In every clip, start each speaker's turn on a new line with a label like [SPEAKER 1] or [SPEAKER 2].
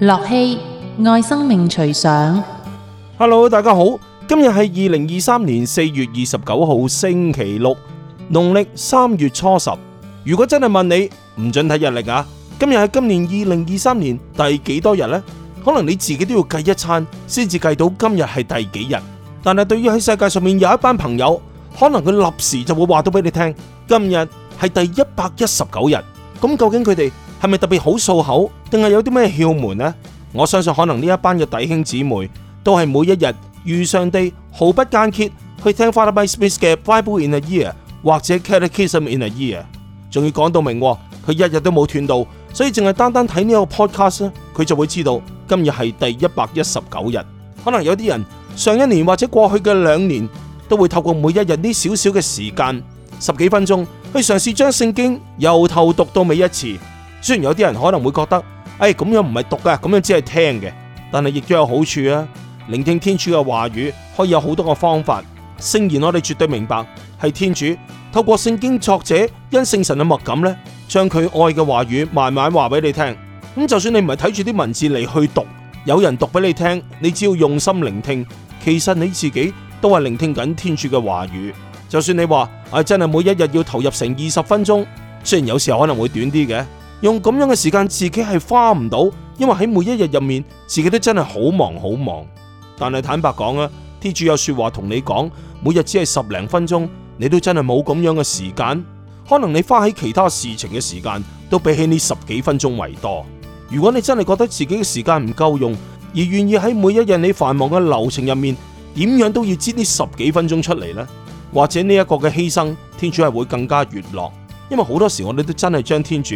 [SPEAKER 1] 駱曦愛生命隨想，Hello，大家好，今日係二零二三年四月二十九號星期六，農曆三月初十。如果真係問你，唔准睇日曆啊！今日係今年二零二三年第幾多日呢？可能你自己都要計一餐，先至計到今日係第幾日。但係對於喺世界上面有一班朋友，可能佢立時就會話到俾你聽，今日係第一百一十九日。咁究竟佢哋係咪特別好數口，定係有啲咩竅門呢？我相信可能呢一班嘅弟兄姊妹都係每一日遇上地毫不間歇去聽 Father Mike Smith 嘅《Bible in a Year》，或者《Catechism in a Year》。仲要講到明，佢、哦、一日都冇斷到，所以淨係單單睇呢個 podcast，佢就會知道今日係第一百一十九日。可能有啲人上一年或者過去嘅兩年都會透過每一日呢少少嘅時間十幾分鐘去嘗試將聖經由頭讀到尾一次。雖然有啲人可能會覺得，誒、哎、咁樣唔係讀嘅，咁樣只係聽嘅，但係亦都有好處啊。聆聽天主嘅話語，可以有好多個方法。聖言我哋絕對明白係天主透過聖經作者因聖神嘅默感呢，將佢愛嘅話語慢慢話俾你聽。咁就算你唔係睇住啲文字嚟去讀，有人讀俾你聽，你只要用心聆聽，其實你自己都係聆聽緊天主嘅話語。就算你話誒、哎、真係每一日要投入成二十分鐘，雖然有時候可能會短啲嘅。用咁樣嘅時間，自己係花唔到，因為喺每一日入面，自己都真係好忙好忙。但係坦白講啊，天主有話說話同你講，每日只係十零分鐘，你都真係冇咁樣嘅時間。可能你花喺其他事情嘅時間，都比起呢十幾分鐘為多。如果你真係覺得自己嘅時間唔夠用，而願意喺每一日你繁忙嘅流程入面，點樣都要煎呢十幾分鐘出嚟呢？或者呢一個嘅犧牲，天主係會更加悅樂，因為好多時我哋都真係將天主。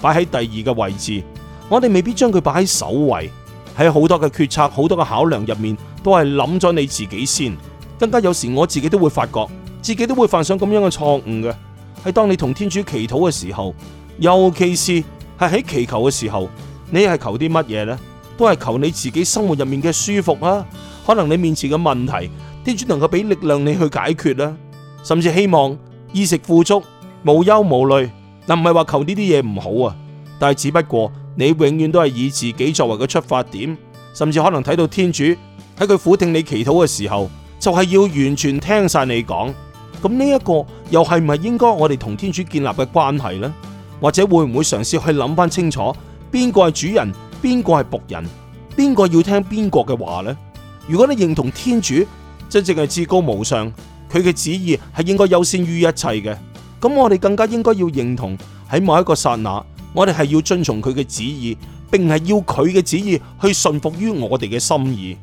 [SPEAKER 1] 擺喺第二個位置，我哋未必將佢擺喺首位。喺好多嘅決策、好多嘅考量入面，都係諗咗你自己先。更加有時我自己都會發覺，自己都會犯上咁樣嘅錯誤嘅。係當你同天主祈禱嘅時候，尤其是係喺祈求嘅時候，你係求啲乜嘢呢？都係求你自己生活入面嘅舒服啊。可能你面前嘅問題，天主能夠俾力量你去解決啦，啊。甚至希望衣食富足，無憂無慮。嗱，唔係話求呢啲嘢唔好啊，但係只不過你永遠都係以自己作為個出發點，甚至可能睇到天主喺佢俯聽你祈禱嘅時候，就係要完全聽晒你講。咁呢一個又係唔係應該我哋同天主建立嘅關係呢？或者會唔會嘗試去諗翻清楚，邊個係主人，邊個係僕人，邊個要聽邊個嘅話呢？如果你認同天主，真正係至高無上，佢嘅旨意係應該優先於一切嘅。咁我哋更加應該要認同喺某一個剎那，我哋係要遵從佢嘅旨意，並係要佢嘅旨意去信服於我哋嘅心意。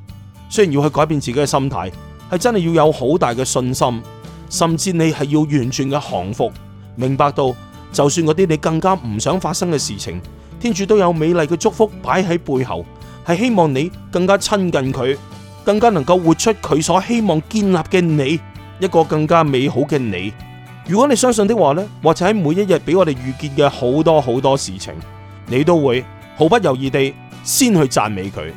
[SPEAKER 1] 雖然要去改變自己嘅心態，係真係要有好大嘅信心，甚至你係要完全嘅降服，明白到就算嗰啲你更加唔想發生嘅事情，天主都有美麗嘅祝福擺喺背後，係希望你更加親近佢，更加能夠活出佢所希望建立嘅你，一個更加美好嘅你。如果你相信的話咧，或者喺每一日俾我哋遇見嘅好多好多事情，你都會毫不猶豫地先去讚美佢。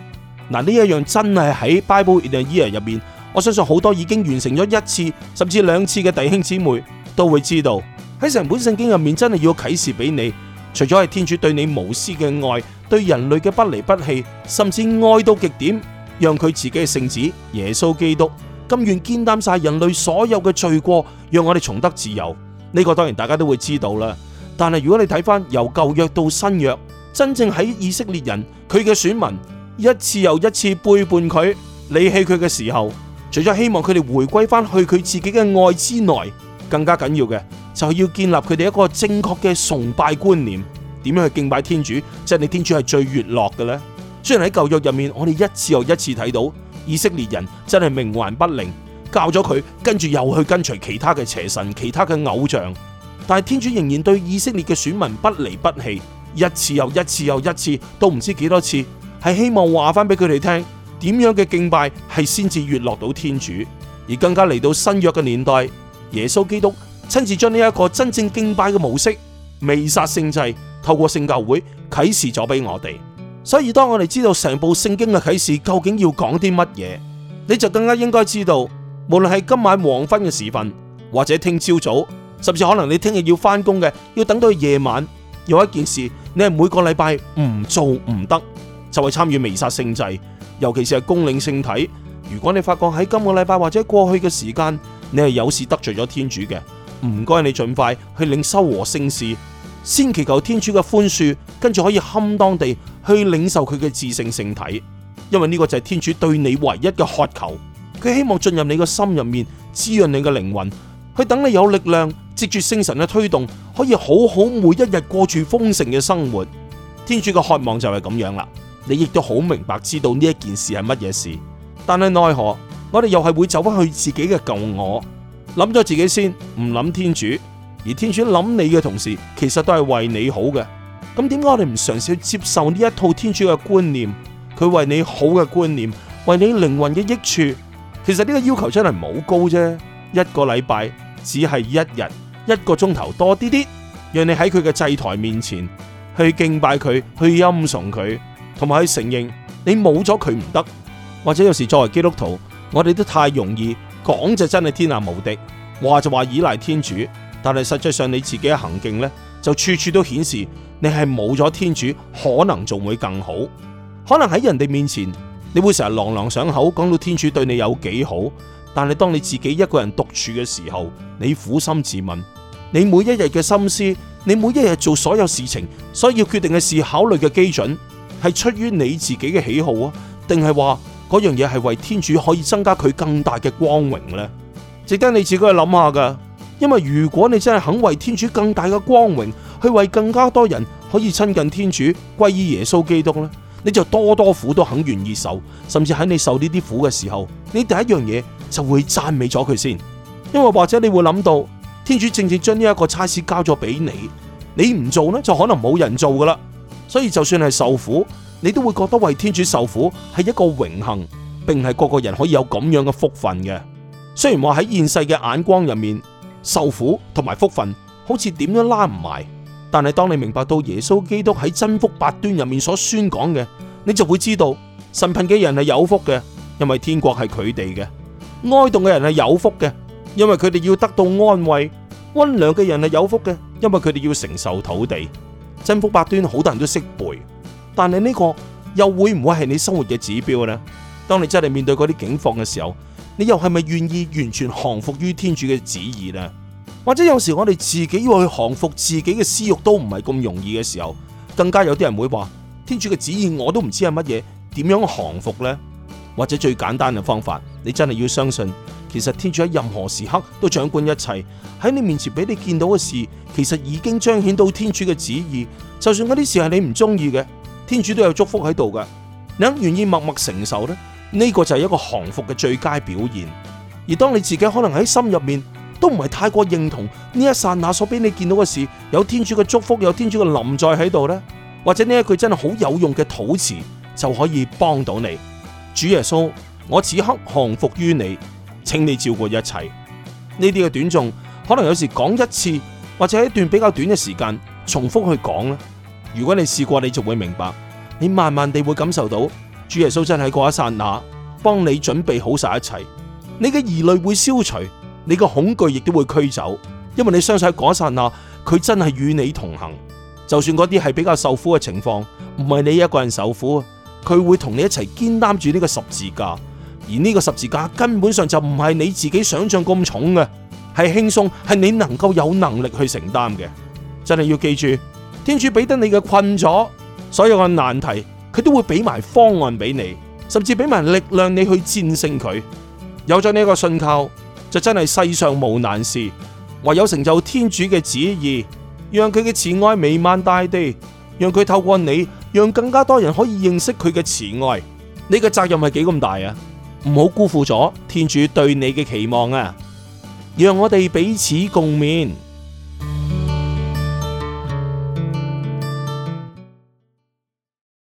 [SPEAKER 1] 嗱，呢一樣真係喺《Bible in a Year》入面，我相信好多已經完成咗一次甚至兩次嘅弟兄姊妹都會知道喺成本聖經入面真係要啟示俾你。除咗係天主對你無私嘅愛，對人類嘅不離不棄，甚至愛到極點，讓佢自己嘅聖子耶穌基督。甘願肩擔晒人類所有嘅罪過，讓我哋重得自由。呢個當然大家都會知道啦。但係如果你睇翻由舊約到新約，真正喺以色列人佢嘅選民一次又一次背叛佢、離棄佢嘅時候，除咗希望佢哋回歸翻去佢自己嘅愛之內，更加緊要嘅就係要建立佢哋一個正確嘅崇拜觀念。點樣去敬拜天主，即係你天主係最悅樂嘅呢？雖然喺舊約入面，我哋一次又一次睇到。以色列人真係冥頑不靈，教咗佢跟住又去跟隨其他嘅邪神、其他嘅偶像，但係天主仍然對以色列嘅選民不離不棄，一次又一次又一次，都唔知幾多次，係希望話翻俾佢哋聽，點樣嘅敬拜係先至悦樂到天主，而更加嚟到新約嘅年代，耶穌基督親自將呢一個真正敬拜嘅模式，彌撒聖祭，透過聖教會啟示咗俾我哋。所以，當我哋知道成部聖經嘅啟示究竟要講啲乜嘢，你就更加應該知道，無論係今晚黃昏嘅時分，或者聽朝早，早，甚至可能你聽日要返工嘅，要等到夜晚有一件事，你係每個禮拜唔做唔得，就係參與彌撒聖祭，尤其是係恭領聖體。如果你發覺喺今個禮拜或者過去嘅時間，你係有事得罪咗天主嘅，唔該你盡快去領修和聖事。先祈求天主嘅寬恕，跟住可以堪當地去領受佢嘅至聖聖體，因為呢個就係天主對你唯一嘅渴求。佢希望進入你個心入面，滋潤你嘅靈魂。佢等你有力量，藉住聖神嘅推動，可以好好每一日過住豐盛嘅生活。天主嘅渴望就係咁樣啦。你亦都好明白知道呢一件事係乜嘢事，但係奈何我哋又係會走翻去自己嘅舊我，諗咗自己先，唔諗天主。而天主諗你嘅同時，其實都係為你好嘅。咁點解我哋唔嘗試去接受呢一套天主嘅觀念？佢為你好嘅觀念，為你靈魂嘅益處，其實呢個要求真係唔好高啫。一個禮拜只係一日，一個鐘頭多啲啲，讓你喺佢嘅祭台面前去敬拜佢，去欽崇佢，同埋去承認你冇咗佢唔得。或者有時作為基督徒，我哋都太容易講就真係天下無敵，話就話依賴天主。但係實際上你自己嘅行徑呢，就處處都顯示你係冇咗天主，可能仲會更好。可能喺人哋面前，你會成日朗朗上口講到天主對你有幾好，但係當你自己一個人獨處嘅時候，你苦心自問，你每一日嘅心思，你每一日做所有事情，所以要決定嘅事，考慮嘅基準，係出於你自己嘅喜好啊，定係話嗰樣嘢係為天主可以增加佢更大嘅光榮呢？值得你自己去諗下噶。因為如果你真係肯為天主更大嘅光榮，去為更加多人可以親近天主歸於耶穌基督呢，你就多多苦都肯願意受，甚至喺你受呢啲苦嘅時候，你第一樣嘢就會讚美咗佢先。因為或者你會諗到天主正正將呢一個差事交咗俾你，你唔做呢，就可能冇人做噶啦。所以就算係受苦，你都會覺得為天主受苦係一個榮幸，並係個個人可以有咁樣嘅福分嘅。雖然話喺現世嘅眼光入面。受苦同埋福分，好似點樣拉唔埋。但係當你明白到耶穌基督喺真福八端入面所宣講嘅，你就會知道，神貧嘅人係有福嘅，因為天國係佢哋嘅；哀慟嘅人係有福嘅，因為佢哋要得到安慰；溫良嘅人係有福嘅，因為佢哋要承受土地。真福八端好多人都識背，但係呢個又會唔會係你生活嘅指標呢？當你真係面對嗰啲境況嘅時候。你又係咪願意完全降服於天主嘅旨意呢？或者有時我哋自己要去降服自己嘅私欲都唔係咁容易嘅時候，更加有啲人會話：天主嘅旨意我都唔知係乜嘢，點樣降服呢？或者最簡單嘅方法，你真係要相信，其實天主喺任何時刻都掌管一切。喺你面前俾你見到嘅事，其實已經彰顯到天主嘅旨意。就算嗰啲事係你唔中意嘅，天主都有祝福喺度嘅。你肯願意默默承受呢？呢個就係一個降服嘅最佳表現，而當你自己可能喺心入面都唔係太過認同呢一剎那所俾你見到嘅事，有天主嘅祝福，有天主嘅臨在喺度呢，或者呢一句真係好有用嘅禱詞就可以幫到你。主耶穌，我此刻降服於你，請你照顧一切。呢啲嘅短誦可能有時講一次，或者喺一段比較短嘅時間重複去講啦。如果你試過，你就會明白，你慢慢地會感受到。主耶穌真係喺一剎那，幫你準備好晒一切，你嘅疑慮會消除，你嘅恐懼亦都會驅走，因為你相信一剎那，佢真係與你同行。就算嗰啲係比較受苦嘅情況，唔係你一個人受苦，佢會同你一齊肩擔住呢個十字架，而呢個十字架根本上就唔係你自己想象咁重嘅，係輕鬆，係你能夠有能力去承擔嘅。真係要記住，天主俾得你嘅困阻，所有嘅難題。佢都會俾埋方案俾你，甚至俾埋力量你去戰勝佢。有咗呢個信靠，就真係世上無難事。唯有成就天主嘅旨意，讓佢嘅慈愛瀰漫大地，讓佢透過你，讓更加多人可以認識佢嘅慈愛。你嘅責任係幾咁大啊？唔好辜負咗天主對你嘅期望啊！讓我哋彼此共勉。